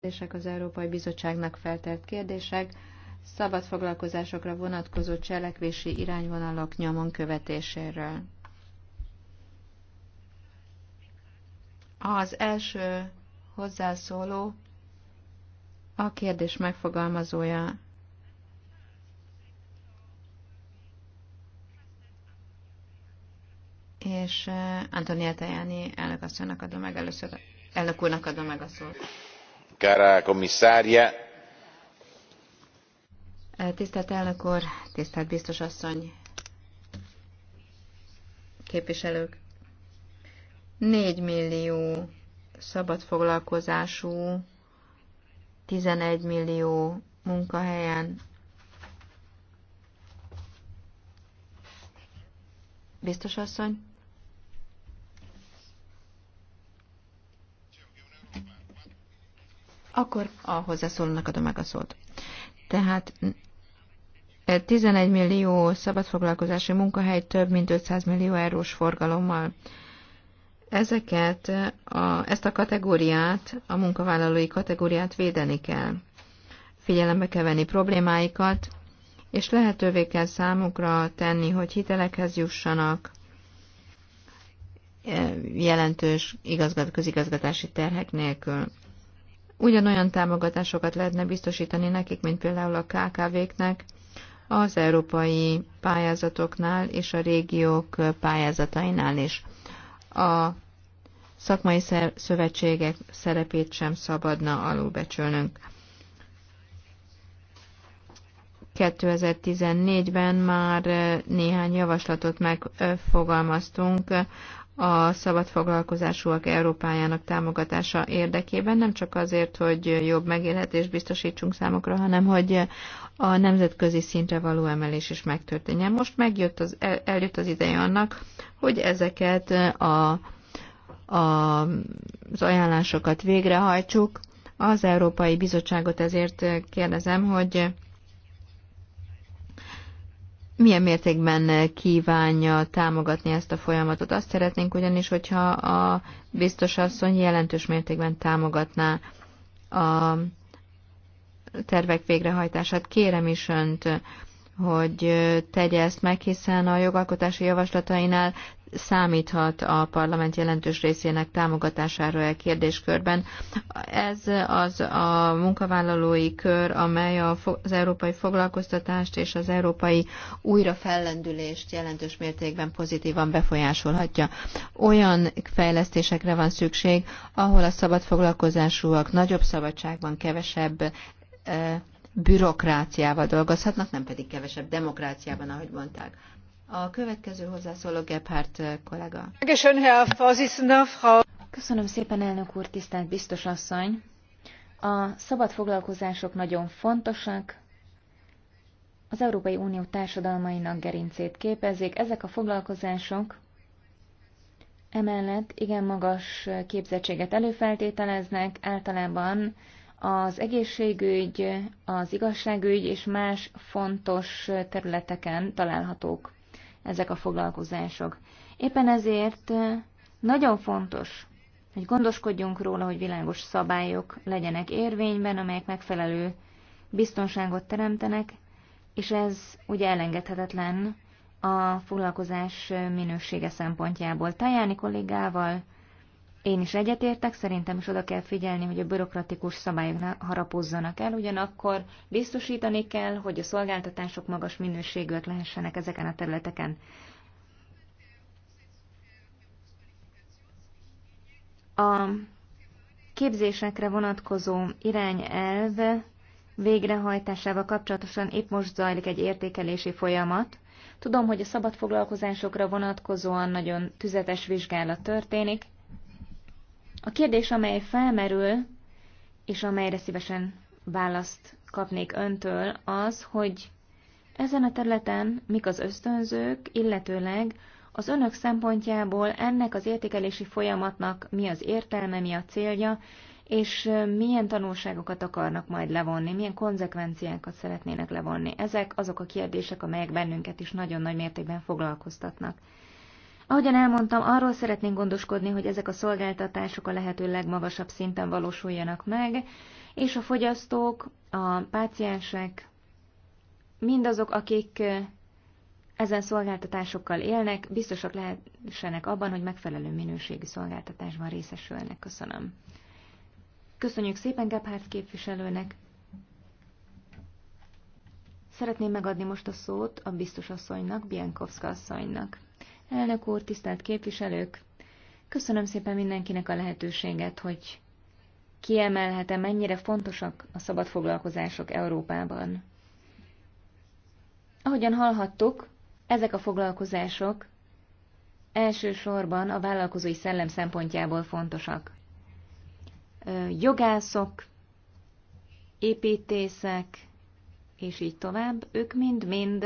kérdések az Európai Bizottságnak feltett kérdések, szabad foglalkozásokra vonatkozó cselekvési irányvonalak nyomon követéséről. Az első hozzászóló a kérdés megfogalmazója. És eh, Antonietta Jáni elnök asszonynak adom meg először, elnök úrnak adom meg a szót cara commissaria eh, tisztelt elnök úr tisztelt biztos asszony képviselők négy millió szabadfoglalkozású 11 millió munkahelyen biztos asszony Akkor a hozzászólónak adom meg a szót. Tehát 11 e, millió szabadfoglalkozási munkahely több mint 500 millió eurós forgalommal. Ezeket, a, ezt a kategóriát, a munkavállalói kategóriát védeni kell. Figyelembe kell venni problémáikat, és lehetővé kell számukra tenni, hogy hitelekhez jussanak, e, jelentős igazgat, közigazgatási terhek nélkül ugyanolyan támogatásokat lehetne biztosítani nekik, mint például a KKV-knek az európai pályázatoknál és a régiók pályázatainál is. A szakmai szövetségek szerepét sem szabadna alulbecsülnünk. 2014-ben már eh, néhány javaslatot megfogalmaztunk a szabad foglalkozásúak Európájának támogatása érdekében, nem csak azért, hogy jobb megélhetést biztosítsunk számokra, hanem hogy a nemzetközi szintre való emelés is megtörténjen. Most megjött az, el, eljött az ideje annak, hogy ezeket a, a, az ajánlásokat végrehajtsuk. Az Európai Bizottságot ezért kérdezem, hogy milyen mértékben kívánja támogatni ezt a folyamatot. Azt szeretnénk ugyanis, hogyha a biztos asszony jelentős mértékben támogatná a tervek végrehajtását. Kérem is önt, hogy tegye ezt meg, hiszen a jogalkotási javaslatainál számíthat a parlament jelentős részének támogatására a e kérdéskörben. Ez az a munkavállalói kör, amely az európai foglalkoztatást és az európai újrafellendülést jelentős mértékben pozitívan befolyásolhatja. Olyan fejlesztésekre van szükség, ahol a szabad foglalkozásúak nagyobb szabadságban kevesebb e, bürokráciával dolgozhatnak, nem pedig kevesebb demokráciában, ahogy mondták. A következő hozzászóló Gebhardt eh, kollega. Köszönöm szépen, elnök úr, tisztelt biztos asszony. A szabad foglalkozások nagyon fontosak, az Európai Unió társadalmainak gerincét képezik. Ezek a foglalkozások emellett igen magas képzettséget előfeltételeznek, általában az egészségügy, az igazságügy és más fontos területeken találhatók ezek a foglalkozások. Éppen ezért nagyon fontos, hogy gondoskodjunk róla, hogy világos szabályok legyenek érvényben, amelyek megfelelő biztonságot teremtenek, és ez ugye elengedhetetlen a foglalkozás minősége szempontjából. Tajáni kollégával én is egyetértek, szerintem is oda kell figyelni, hogy a bürokratikus szabályok ne harapozzanak el, ugyanakkor biztosítani kell, hogy a szolgáltatások magas minőségűek lehessenek ezeken a területeken. A képzésekre vonatkozó irányelv végrehajtásával kapcsolatosan épp most zajlik egy értékelési folyamat. Tudom, hogy a szabad foglalkozásokra vonatkozóan nagyon tüzetes vizsgálat történik, a kérdés, amely felmerül, és amelyre szívesen választ kapnék öntől, az, hogy ezen a területen mik az ösztönzők, illetőleg az önök szempontjából ennek az értékelési folyamatnak mi az értelme, mi a célja, és milyen tanulságokat akarnak majd levonni, milyen konzekvenciákat szeretnének levonni. Ezek azok a kérdések, amelyek bennünket is nagyon nagy mértékben foglalkoztatnak. Ahogyan elmondtam, arról szeretnénk gondoskodni, hogy ezek a szolgáltatások a lehető legmagasabb szinten valósuljanak meg, és a fogyasztók, a páciensek, mindazok, akik ezen szolgáltatásokkal élnek, biztosak lehessenek abban, hogy megfelelő minőségű szolgáltatásban részesülnek. Köszönöm. Köszönjük szépen Gebhardt képviselőnek. Szeretném megadni most a szót a biztos asszonynak, Bienkowska asszonynak. Elnök úr, tisztelt képviselők! Köszönöm szépen mindenkinek a lehetőséget, hogy kiemelhetem, mennyire fontosak a szabad foglalkozások Európában. Ahogyan hallhattuk, ezek a foglalkozások elsősorban a vállalkozói szellem szempontjából fontosak. Jogászok, építészek, és így tovább, ők mind-mind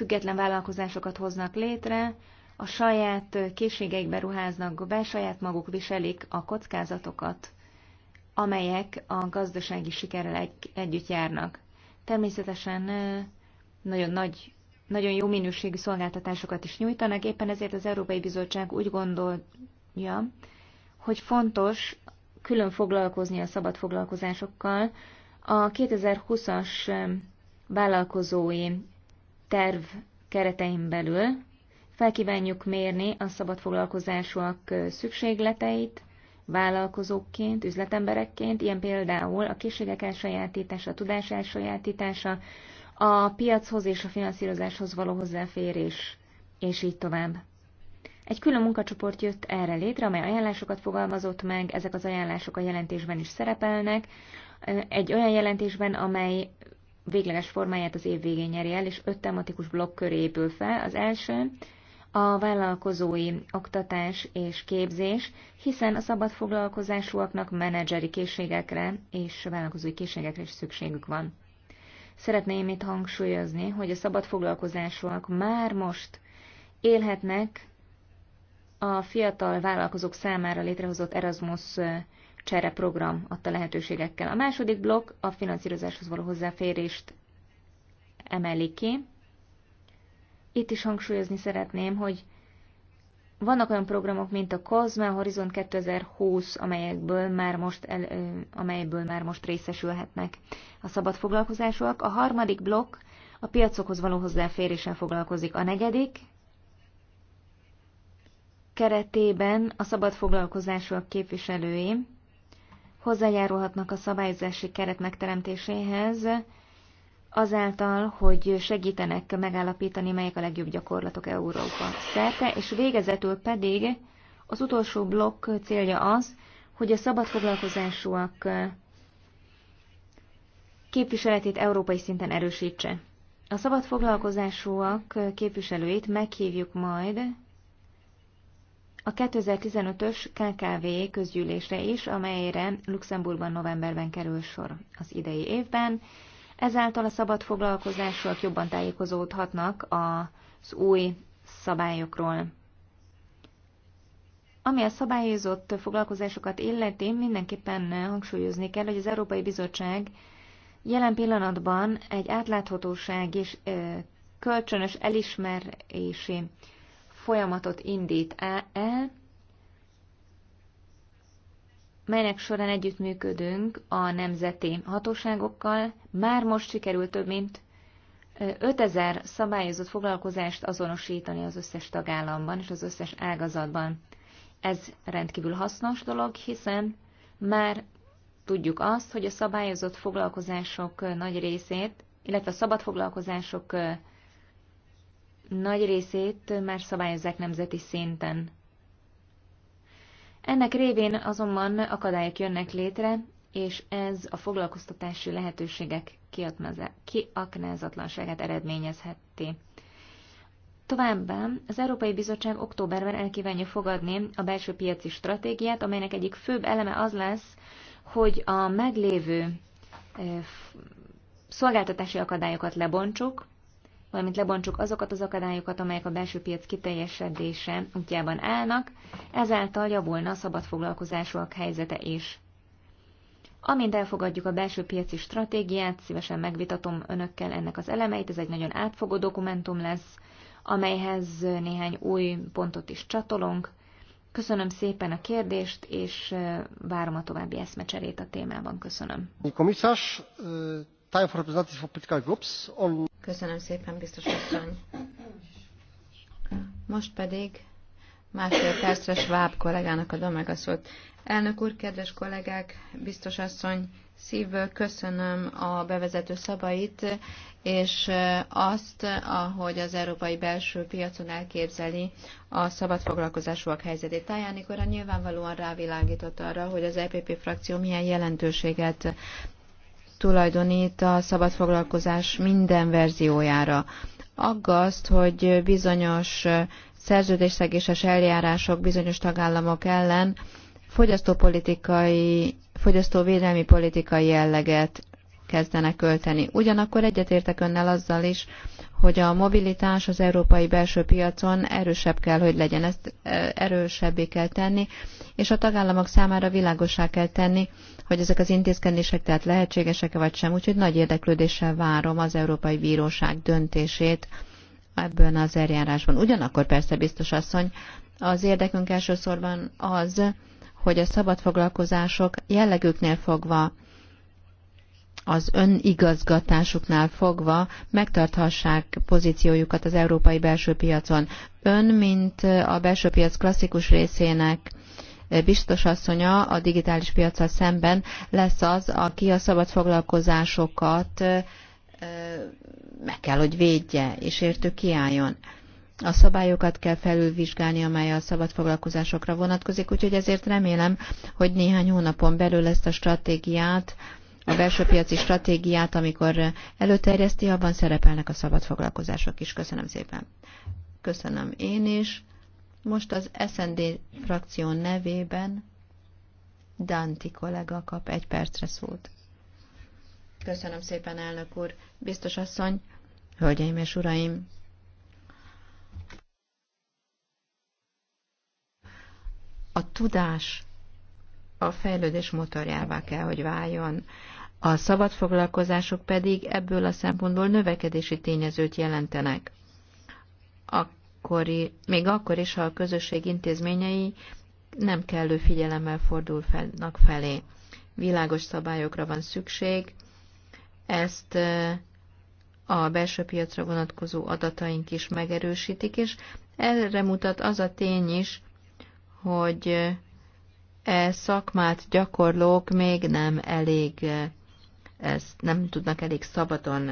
független vállalkozásokat hoznak létre, a saját készségeikbe ruháznak be, saját maguk viselik a kockázatokat, amelyek a gazdasági sikerrel egy, együtt járnak. Természetesen nagyon nagy, nagyon jó minőségű szolgáltatásokat is nyújtanak, éppen ezért az Európai Bizottság úgy gondolja, hogy fontos külön foglalkozni a szabad foglalkozásokkal. A 2020-as vállalkozói terv keretein belül felkívánjuk mérni a szabad foglalkozásúak szükségleteit, vállalkozókként, üzletemberekként, ilyen például a készségek elsajátítása, a tudás elsajátítása, a piachoz és a finanszírozáshoz való hozzáférés, és így tovább. Egy külön munkacsoport jött erre létre, amely ajánlásokat fogalmazott meg, ezek az ajánlások a jelentésben is szerepelnek, egy olyan jelentésben, amely végleges formáját az év végén nyeri el, és öt tematikus blokk köré épül fel. Az első a vállalkozói oktatás és képzés, hiszen a szabad foglalkozásúaknak menedzseri készségekre és vállalkozói készségekre is szükségük van. Szeretném itt hangsúlyozni, hogy a szabad foglalkozásúak már most élhetnek a fiatal vállalkozók számára létrehozott Erasmus csereprogram adta lehetőségekkel. A második blokk a finanszírozáshoz való hozzáférést emeli ki. Itt is hangsúlyozni szeretném, hogy vannak olyan programok, mint a COSME, a Horizont 2020, amelyekből már most, el, amelyből már most részesülhetnek a szabad foglalkozásúak. A harmadik blokk a piacokhoz való hozzáféréssel foglalkozik. A negyedik keretében a szabad foglalkozásúak képviselői hozzájárulhatnak a szabályozási keret megteremtéséhez, azáltal, hogy segítenek megállapítani, melyek a legjobb gyakorlatok Európa szerte, és végezetül pedig az utolsó blokk célja az, hogy a szabad foglalkozásúak képviseletét európai szinten erősítse. A szabad foglalkozásúak képviselőit meghívjuk majd a 2015-ös KKV közgyűlésre is, amelyre Luxemburgban novemberben kerül sor az idei évben. Ezáltal a szabad foglalkozásról jobban tájékozódhatnak az új szabályokról. Ami a szabályozott foglalkozásokat illeti, mindenképpen hangsúlyozni kell, hogy az Európai Bizottság jelen pillanatban egy átláthatóság és kölcsönös elismerési folyamatot indít e- el, melynek során együttműködünk a nemzeti hatóságokkal. Már most sikerült több mint 5000 szabályozott foglalkozást azonosítani az összes tagállamban és az összes ágazatban. Ez rendkívül hasznos dolog, hiszen már tudjuk azt, hogy a szabályozott foglalkozások nagy részét, illetve a szabad foglalkozások nagy részét már szabályozzák nemzeti szinten. Ennek révén azonban akadályok jönnek létre, és ez a foglalkoztatási lehetőségek kiaknázatlanságát eredményezheti. Továbbá az Európai Bizottság októberben elkívánja fogadni a belső piaci stratégiát, amelynek egyik főbb eleme az lesz, hogy a meglévő eh, szolgáltatási akadályokat lebontsuk, valamint lebontsuk azokat az akadályokat, amelyek a belső piac kiteljesedése útjában állnak, ezáltal javulna a szabad foglalkozásúak helyzete is. Amint elfogadjuk a belső piaci stratégiát, szívesen megvitatom önökkel ennek az elemeit, ez egy nagyon átfogó dokumentum lesz, amelyhez néhány új pontot is csatolunk. Köszönöm szépen a kérdést, és eh, várom a további eszmecserét a témában. Köszönöm time for for political groups on... Köszönöm szépen, biztos asszony. Most pedig másfél percre Schwab kollégának adom meg a szót. Elnök úr, kedves kollégák, biztos asszony, szívből köszönöm a bevezető szabait, és azt, ahogy az európai belső piacon elképzeli a szabad foglalkozásúak helyzetét. Tájánikora nyilvánvalóan rávilágított arra, hogy az EPP frakció milyen jelentőséget tulajdonít a szabad foglalkozás minden verziójára. Aggaszt, hogy bizonyos szerződésszegéses eljárások bizonyos tagállamok ellen fogyasztópolitikai, fogyasztóvédelmi politikai jelleget kezdenek költeni. Ugyanakkor egyetértek önnel azzal is, hogy a mobilitás az európai belső piacon erősebb kell, hogy legyen, ezt e, erősebbé kell tenni, és a tagállamok számára világosá kell tenni, hogy ezek az intézkedések tehát lehetségesek-e vagy sem, úgyhogy nagy érdeklődéssel várom az Európai Bíróság döntését ebben az eljárásban. Ugyanakkor persze biztos asszony, az érdekünk elsősorban az, hogy a szabad foglalkozások jellegüknél fogva az önigazgatásuknál fogva megtarthassák pozíciójukat az európai belső piacon. Ön, mint a belső piac klasszikus részének biztos asszonya a digitális piacsal szemben lesz az, aki a szabad foglalkozásokat meg kell, hogy védje, és értő kiálljon. A szabályokat kell felülvizsgálni, amely a szabad foglalkozásokra vonatkozik, úgyhogy ezért remélem, hogy néhány hónapon belül ezt a stratégiát, a belső piaci stratégiát, amikor előterjeszti, abban szerepelnek a szabad foglalkozások is. Köszönöm szépen. Köszönöm én is. Most az SND frakció nevében Danti kollega kap egy percre szót. Köszönöm szépen, elnök úr. Biztos asszony, hölgyeim és uraim, a tudás a fejlődés motorjává kell, hogy váljon. A szabad foglalkozások pedig ebből a szempontból növekedési tényezőt jelentenek. A akkori, még akkor is, ha a közösség intézményei nem kellő figyelemmel fordulnak felé. Világos szabályokra van szükség, ezt a belső piacra vonatkozó adataink is megerősítik, és erre mutat az a tény is, hogy e szakmát gyakorlók még nem elég, ezt nem tudnak elég szabadon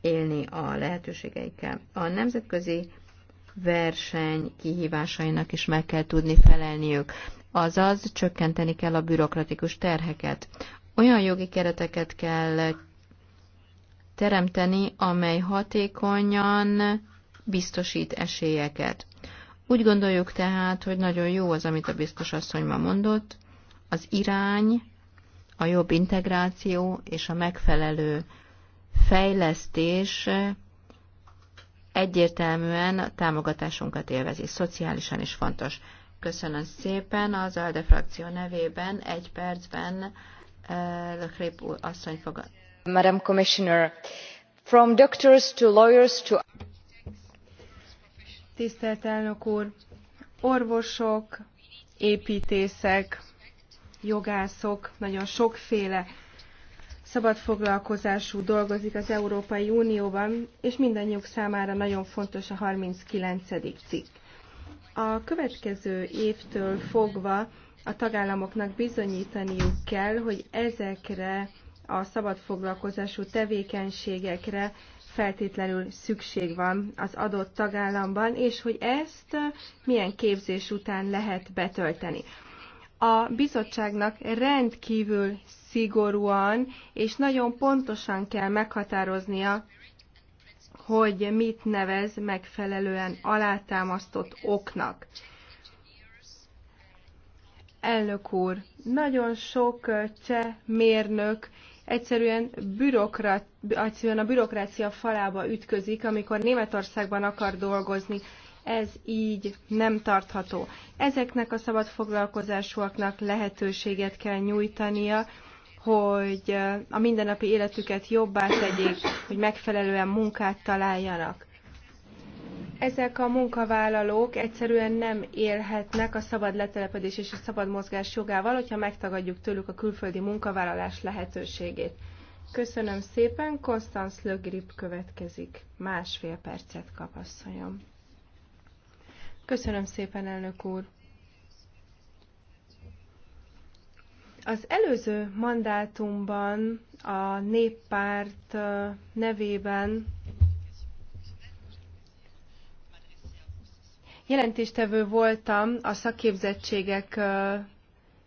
élni a lehetőségeikkel. A nemzetközi verseny kihívásainak is meg kell tudni felelniük, azaz csökkenteni kell a bürokratikus terheket. Olyan jogi kereteket kell teremteni, amely hatékonyan biztosít esélyeket. Úgy gondoljuk tehát, hogy nagyon jó az, amit a biztos asszony ma mondott, az irány, a jobb integráció és a megfelelő fejlesztés egyértelműen a támogatásunkat élvezi. Szociálisan is fontos. Köszönöm szépen. Az ALDE frakció nevében egy percben uh, Lökrép asszony fog... Madam Commissioner, from doctors to lawyers to... Tisztelt elnök úr, orvosok, építészek, jogászok, nagyon sokféle szabad foglalkozású dolgozik az Európai Unióban, és mindannyiuk számára nagyon fontos a 39. cikk. A következő évtől fogva a tagállamoknak bizonyítaniuk kell, hogy ezekre a szabad foglalkozású tevékenységekre feltétlenül szükség van az adott tagállamban, és hogy ezt milyen képzés után lehet betölteni a bizottságnak rendkívül szigorúan és nagyon pontosan kell meghatároznia, hogy mit nevez megfelelően alátámasztott oknak. Elnök úr, nagyon sok cseh mérnök egyszerűen, bürokrat, egyszerűen a bürokrácia falába ütközik, amikor Németországban akar dolgozni. Ez így nem tartható. Ezeknek a szabad foglalkozásúaknak lehetőséget kell nyújtania, hogy a mindennapi életüket jobbá tegyék, hogy megfelelően munkát találjanak. Ezek a munkavállalók egyszerűen nem élhetnek a szabad letelepedés és a szabad mozgás jogával, hogyha megtagadjuk tőlük a külföldi munkavállalás lehetőségét. Köszönöm szépen, Konstanz Lögrip következik. Másfél percet kap asszonyom. Köszönöm szépen, elnök úr. Az előző mandátumban a néppárt nevében jelentéstevő voltam a szakképzettségek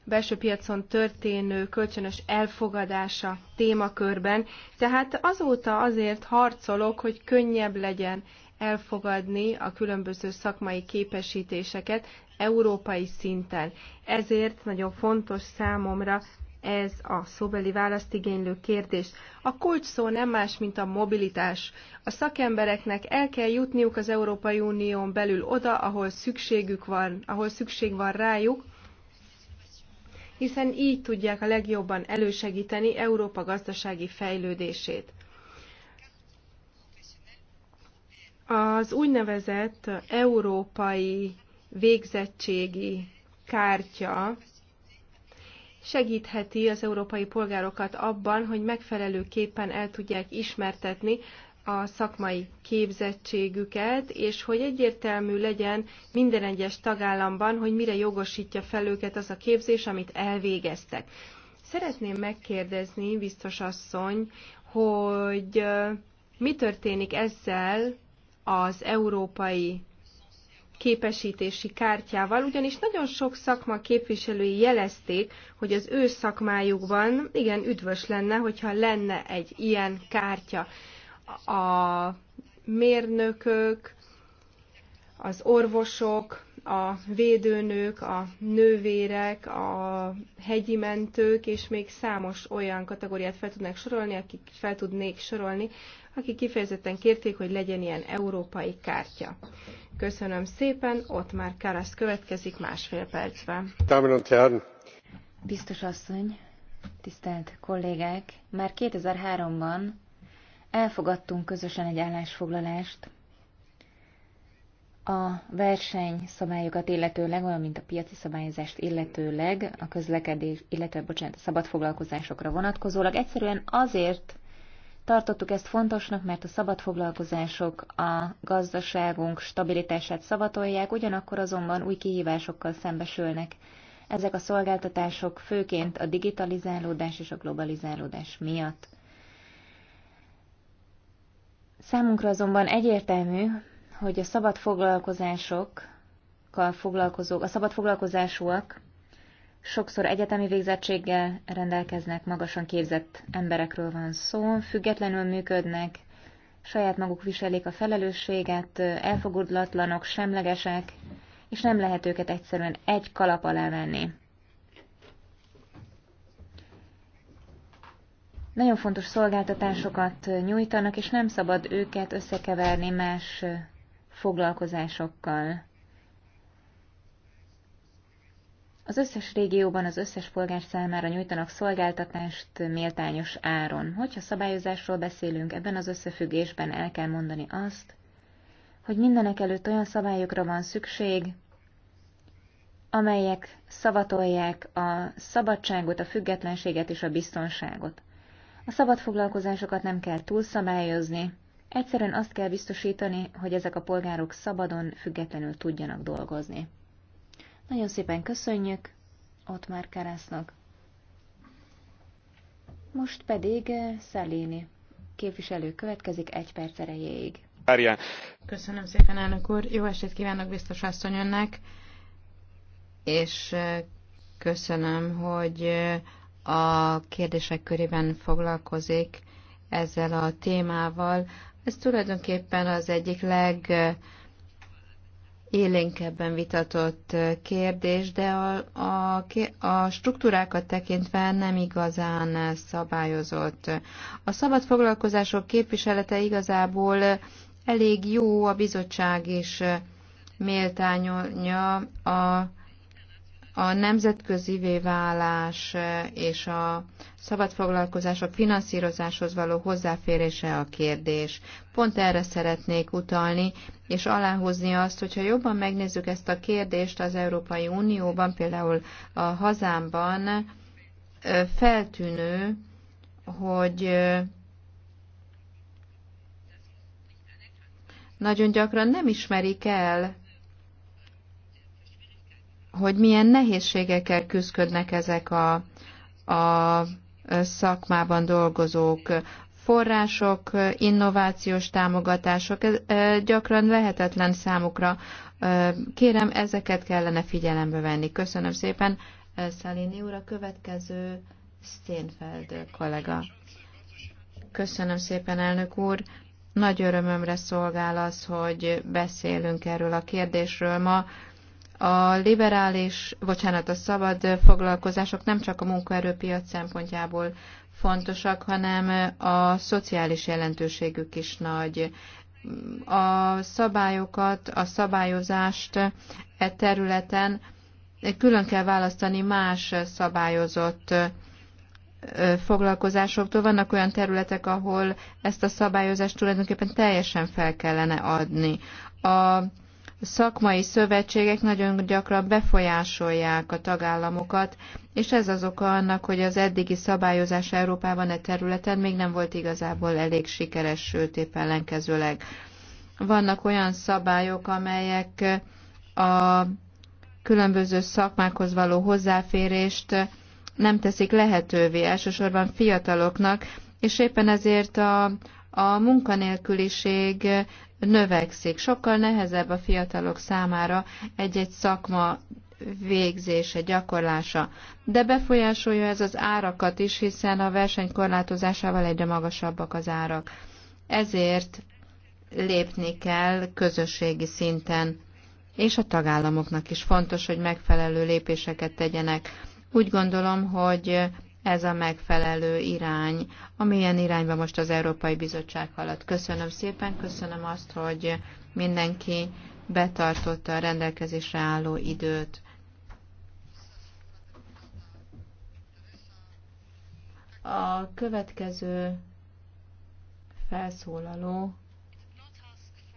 belső piacon történő kölcsönös elfogadása témakörben, tehát azóta azért harcolok, hogy könnyebb legyen elfogadni a különböző szakmai képesítéseket európai szinten. Ezért nagyon fontos számomra ez a szóbeli választ igénylő kérdés. A kulcs szó nem más, mint a mobilitás. A szakembereknek el kell jutniuk az Európai Unión belül oda, ahol szükségük van, ahol szükség van rájuk, hiszen így tudják a legjobban elősegíteni Európa gazdasági fejlődését. Az úgynevezett európai végzettségi kártya segítheti az európai polgárokat abban, hogy megfelelőképpen el tudják ismertetni a szakmai képzettségüket, és hogy egyértelmű legyen minden egyes tagállamban, hogy mire jogosítja fel őket az a képzés, amit elvégeztek. Szeretném megkérdezni, biztos asszony, hogy mi történik ezzel az európai képesítési kártyával, ugyanis nagyon sok szakma képviselői jelezték, hogy az ő szakmájukban igen üdvös lenne, hogyha lenne egy ilyen kártya. A mérnökök, az orvosok, a védőnők, a nővérek, a hegyi mentők, és még számos olyan kategóriát fel tudnék sorolni, akik fel tudnék sorolni, akik kifejezetten kérték, hogy legyen ilyen európai kártya. Köszönöm szépen, ott már Karasz következik másfél percben. Biztos asszony, tisztelt kollégák, már 2003-ban elfogadtunk közösen egy állásfoglalást a verseny szabályokat illetőleg, valamint a piaci szabályozást illetőleg, a közlekedés, illetve bocsánat, a szabad foglalkozásokra vonatkozólag, egyszerűen azért Tartottuk ezt fontosnak, mert a szabad foglalkozások a gazdaságunk stabilitását szavatolják, ugyanakkor azonban új kihívásokkal szembesülnek. Ezek a szolgáltatások főként a digitalizálódás és a globalizálódás miatt. Számunkra azonban egyértelmű, hogy a szabad foglalkozásokkal foglalkozók, a szabad foglalkozásúak sokszor egyetemi végzettséggel rendelkeznek, magasan képzett emberekről van szó, függetlenül működnek, saját maguk viselik a felelősséget, elfogulatlanok, semlegesek, és nem lehet őket egyszerűen egy kalap alá venni. Nagyon fontos szolgáltatásokat nyújtanak, és nem szabad őket összekeverni más foglalkozásokkal. Az összes régióban az összes polgár számára nyújtanak szolgáltatást méltányos áron. Hogyha szabályozásról beszélünk, ebben az összefüggésben el kell mondani azt, hogy mindenek előtt olyan szabályokra van szükség, amelyek szavatolják a szabadságot, a függetlenséget és a biztonságot. A szabad foglalkozásokat nem kell túlszabályozni, egyszerűen azt kell biztosítani, hogy ezek a polgárok szabadon, függetlenül tudjanak dolgozni. Nagyon szépen köszönjük ott már Karásznak. Most pedig eh, Szeléni képviselő következik egy perc erejéig. Köszönöm szépen, elnök úr. Jó estét kívánok biztos asszony önnek, és eh, köszönöm, hogy eh, a kérdések körében foglalkozik ezzel a témával. Ez tulajdonképpen az egyik leg élénkebben vitatott kérdés, de a, a, a struktúrákat tekintve nem igazán szabályozott. A szabad foglalkozások képviselete igazából elég jó, a bizottság is méltányolja a a nemzetközi válás és a szabad foglalkozások finanszírozáshoz való hozzáférése a kérdés. Pont erre szeretnék utalni, és aláhozni azt, hogyha jobban megnézzük ezt a kérdést az Európai Unióban, például a hazámban, feltűnő, hogy nagyon gyakran nem ismerik el hogy milyen nehézségekkel küzdködnek ezek a, a szakmában dolgozók. Források, innovációs támogatások ez gyakran lehetetlen számukra. Kérem, ezeket kellene figyelembe venni. Köszönöm szépen. Szalini úr, a következő szénfeld, kollega. Köszönöm szépen, elnök úr. Nagy örömömre szolgál az, hogy beszélünk erről a kérdésről ma a liberális, bocsánat, a szabad foglalkozások nem csak a munkaerőpiac szempontjából fontosak, hanem a szociális jelentőségük is nagy. A szabályokat, a szabályozást e területen külön kell választani más szabályozott foglalkozásoktól. Vannak olyan területek, ahol ezt a szabályozást tulajdonképpen teljesen fel kellene adni. A szakmai szövetségek nagyon gyakran befolyásolják a tagállamokat, és ez az oka annak, hogy az eddigi szabályozás Európában e területen még nem volt igazából elég sikeres, sőt épp ellenkezőleg. Vannak olyan szabályok, amelyek a különböző szakmákhoz való hozzáférést nem teszik lehetővé, elsősorban fiataloknak, és éppen ezért a, a munkanélküliség növekszik. Sokkal nehezebb a fiatalok számára egy-egy szakma végzése, gyakorlása. De befolyásolja ez az árakat is, hiszen a verseny korlátozásával egyre magasabbak az árak. Ezért lépni kell közösségi szinten, és a tagállamoknak is fontos, hogy megfelelő lépéseket tegyenek. Úgy gondolom, hogy ez a megfelelő irány, amilyen irányba most az Európai Bizottság halad. Köszönöm szépen, köszönöm azt, hogy mindenki betartotta a rendelkezésre álló időt. A következő felszólaló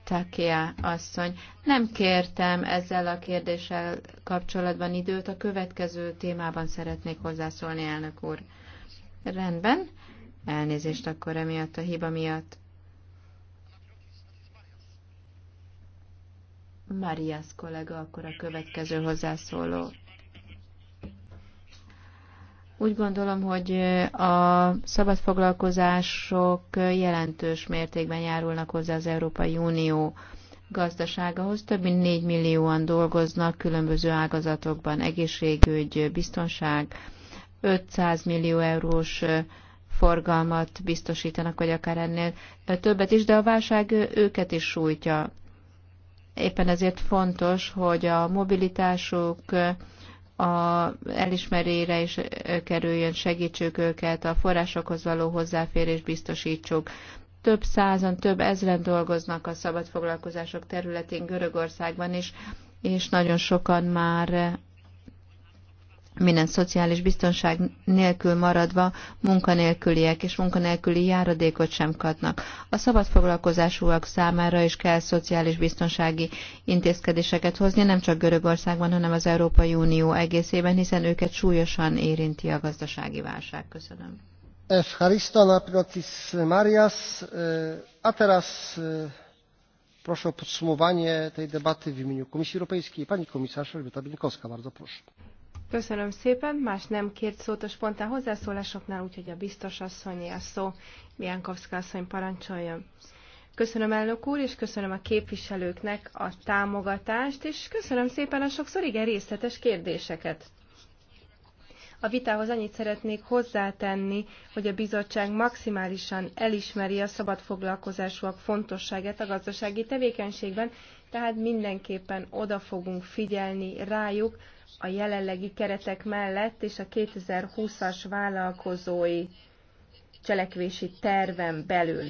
Takia asszony. Nem kértem ezzel a kérdéssel kapcsolatban időt, a következő témában szeretnék hozzászólni, elnök úr. Rendben, elnézést akkor emiatt a hiba miatt. Marias kollega akkor a következő hozzászóló. Úgy gondolom, hogy eh, a szabadfoglalkozások jelentős mértékben járulnak hozzá az Európai Unió gazdaságához. Több mint 4 millióan dolgoznak különböző ágazatokban, egészségügy, biztonság, 500 millió eurós eh, forgalmat biztosítanak, vagy akár ennél eh, többet is, de a válság őket is sújtja. Éppen ezért fontos, hogy a mobilitásuk, a elismerére is kerüljön, segítsük őket, a forrásokhoz való hozzáférés biztosítsuk. Több százan, több ezren dolgoznak a szabadfoglalkozások területén Görögországban is, és nagyon sokan már minden szociális biztonság nélkül maradva munkanélküliek és munkanélküli járadékot sem kapnak. A szabadfoglalkozásúak számára is kell szociális biztonsági intézkedéseket hozni, nem csak Görögországban, hanem az Európai Unió egészében, hiszen őket súlyosan érinti a gazdasági válság. Köszönöm. Evharisto Naprotis Marias. Eh, a teraz eh, proszę o podsumowanie tej debaty w imieniu Komisji Europejskiej. Pani komisarz Elżbieta Binkowska. bardzo proszę. Köszönöm szépen. Más nem kért szót a spontán hozzászólásoknál, úgyhogy a biztos asszonyi a szó. Biankovszka asszony parancsoljon. Köszönöm elnök úr, és köszönöm a képviselőknek a támogatást, és köszönöm szépen a sokszor igen részletes kérdéseket. A vitához annyit szeretnék hozzátenni, hogy a bizottság maximálisan elismeri a szabad foglalkozásúak fontosságát a gazdasági tevékenységben, tehát mindenképpen oda fogunk figyelni rájuk a jelenlegi keretek mellett és a 2020-as vállalkozói cselekvési terven belül.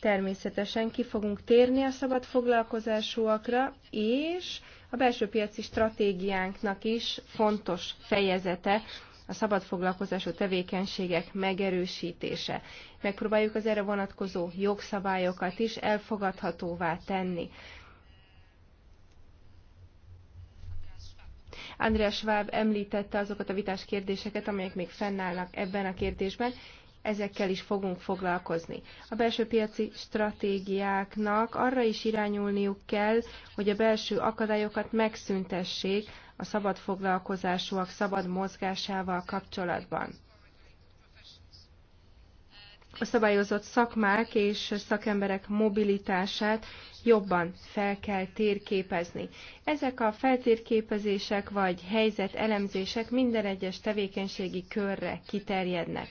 Természetesen ki fogunk térni a szabad foglalkozásúakra, és a belső piaci stratégiánknak is fontos fejezete a szabad foglalkozású tevékenységek megerősítése. Megpróbáljuk az erre vonatkozó jogszabályokat is elfogadhatóvá tenni. András Schwab említette azokat a vitás kérdéseket, amelyek még fennállnak ebben a kérdésben, ezekkel is fogunk foglalkozni. A belső piaci stratégiáknak arra is irányulniuk kell, hogy a belső akadályokat megszüntessék a szabad foglalkozásúak szabad mozgásával kapcsolatban a szabályozott szakmák és szakemberek mobilitását jobban fel kell térképezni. Ezek a feltérképezések vagy helyzetelemzések minden egyes tevékenységi körre kiterjednek.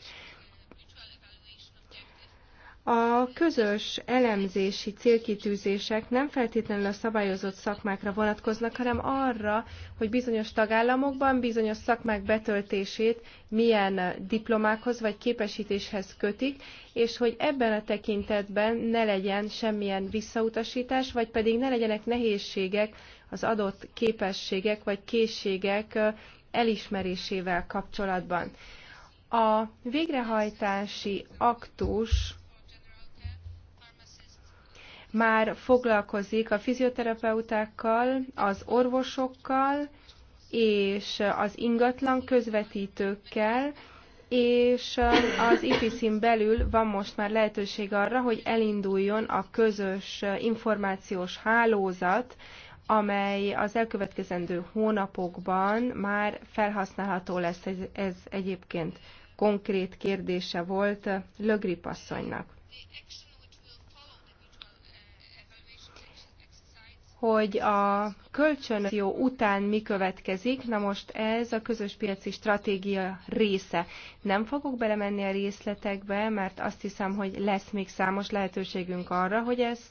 A közös elemzési célkitűzések nem feltétlenül a szabályozott szakmákra vonatkoznak, hanem arra, hogy bizonyos tagállamokban bizonyos szakmák betöltését milyen diplomákhoz vagy képesítéshez kötik, és hogy ebben a tekintetben ne legyen semmilyen visszautasítás, vagy pedig ne legyenek nehézségek az adott képességek vagy készségek elismerésével kapcsolatban. A végrehajtási aktus már foglalkozik a fizioterapeutákkal, az orvosokkal és az ingatlan közvetítőkkel, és az IPC-n belül van most már lehetőség arra, hogy elinduljon a közös információs hálózat, amely az elkövetkezendő hónapokban már felhasználható lesz. Ez, ez egyébként konkrét kérdése volt Lögrip asszonynak. hogy a jó után mi következik, na most ez a közös piaci stratégia része. Nem fogok belemenni a részletekbe, mert azt hiszem, hogy lesz még számos lehetőségünk arra, hogy ezt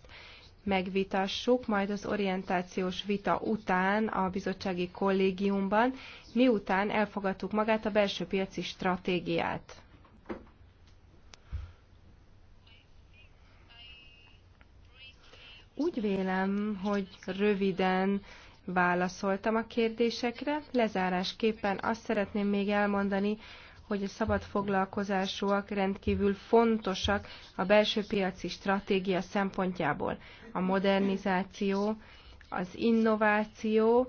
megvitassuk, majd az orientációs vita után a bizottsági kollégiumban, miután elfogadtuk magát a belső piaci stratégiát. Úgy vélem, hogy röviden válaszoltam a kérdésekre. Lezárásképpen azt szeretném még elmondani, hogy a szabad foglalkozásúak rendkívül fontosak a belső piaci stratégia szempontjából. A modernizáció, az innováció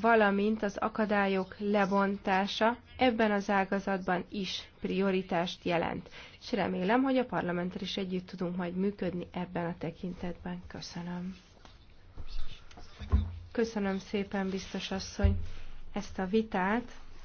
valamint az akadályok lebontása ebben az ágazatban is prioritást jelent. És remélem, hogy a parlamenttel is együtt tudunk majd működni ebben a tekintetben. Köszönöm. Köszönöm szépen, biztos asszony, ezt a vitát.